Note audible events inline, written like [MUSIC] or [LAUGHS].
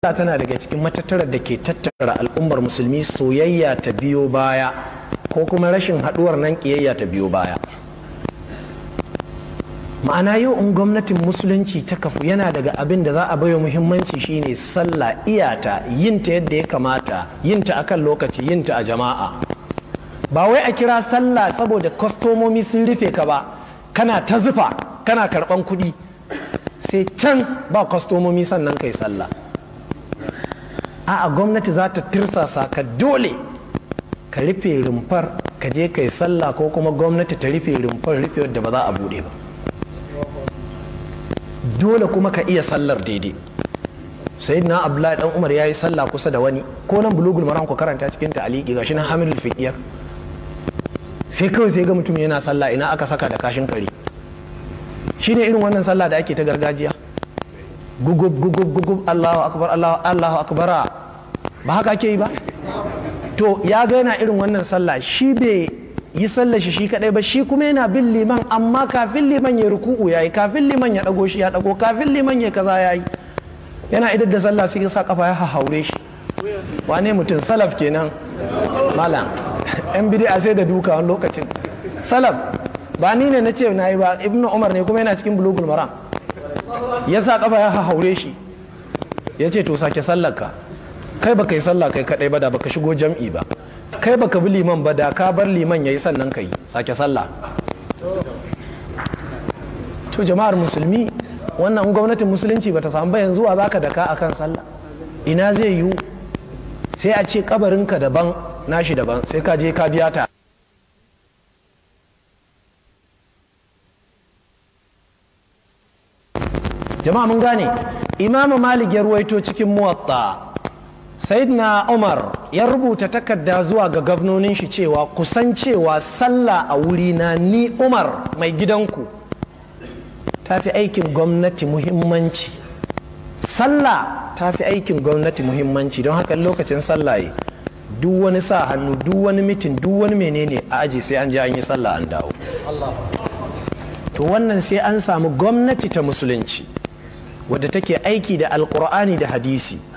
Allah tana daga cikin matattarar da ke tattara al'ummar musulmi soyayya ta biyo baya ko kuma rashin haɗuwar nan kiyayya ta biyo baya ma'ana yau in gwamnatin musulunci ta kafu yana daga abin da za a baiwa muhimmanci shine sallah iyata yinta yadda ya kamata yinta akan lokaci yinta a jama'a ba wai a kira sallah saboda kwastomomi sun rufe ka ba kana ta zufa kana karɓan kuɗi sai can ba kwastomomi sannan kai sallah a'a gwamnati za ta tirsasa ka dole ka rufe rumfar ka je ka yi sallah ko kuma gwamnati ta rufe rumfar rufe wadda ba za a bude ba dole kuma ka iya sallar daidai sayyidina abdullahi dan umar ya yi sallah kusa da wani ko nan bulugul maram ku karanta cikin ta aliki gashi nan hamilul fiqiyar sai kawai sai ga mutum yana sallah ina aka saka da kashin kare shine irin wannan sallah da ake ta gargajiya gugub gugub gugub Allahu akbar Allahu Allahu ba haka ke yi ba to ya ga yana irin wannan sallah shi bai yi sallar shi shi kadai ba shi kuma yana bin liman amma kafin liman ya ruku'u yayi kafin liman ya dago shi ya dago kafin liman ya kaza yayi yana idar da sallah sai sa kafa ya haure shi wane mutum salaf kenan malam [LAUGHS] yan bid'a sai da duka wani lokacin salaf ba ni ne na ce na yi ba ibnu umar ne kuma yana cikin bulugul maram ya sa kafa ya haure shi ya ce to sake sallar ka kai baka yi sallah kai kadai ba da baka shigo jam'i ba kai baka bi liman ba da ka bar liman yayi sannan kai sake sallah to jama'ar musulmi wannan gwamnatin musulunci bata samu ba yanzu wa zaka daka akan sallah ina zai yiwu sai a ce kabarin ka daban nashi daban sai ka je ka biya ta jama'a mun gane imamu malik ya ruwaito cikin muwatta na umar ya rubuta takarda zuwa ga gabnonin shi cewa kusan cewa sallah a wurina ni umar mai gidanku ta fi aikin gwamnati muhimmanci sallah ta fi aikin gwamnati muhimmanci don haka lokacin sallah duk wani sa hannu duk wani mitin duk wani menene a aji sai an je an yi sallah an dawo to wannan sai an samu gwamnati ta musulunci wadda take aiki da alkur'ani da hadisi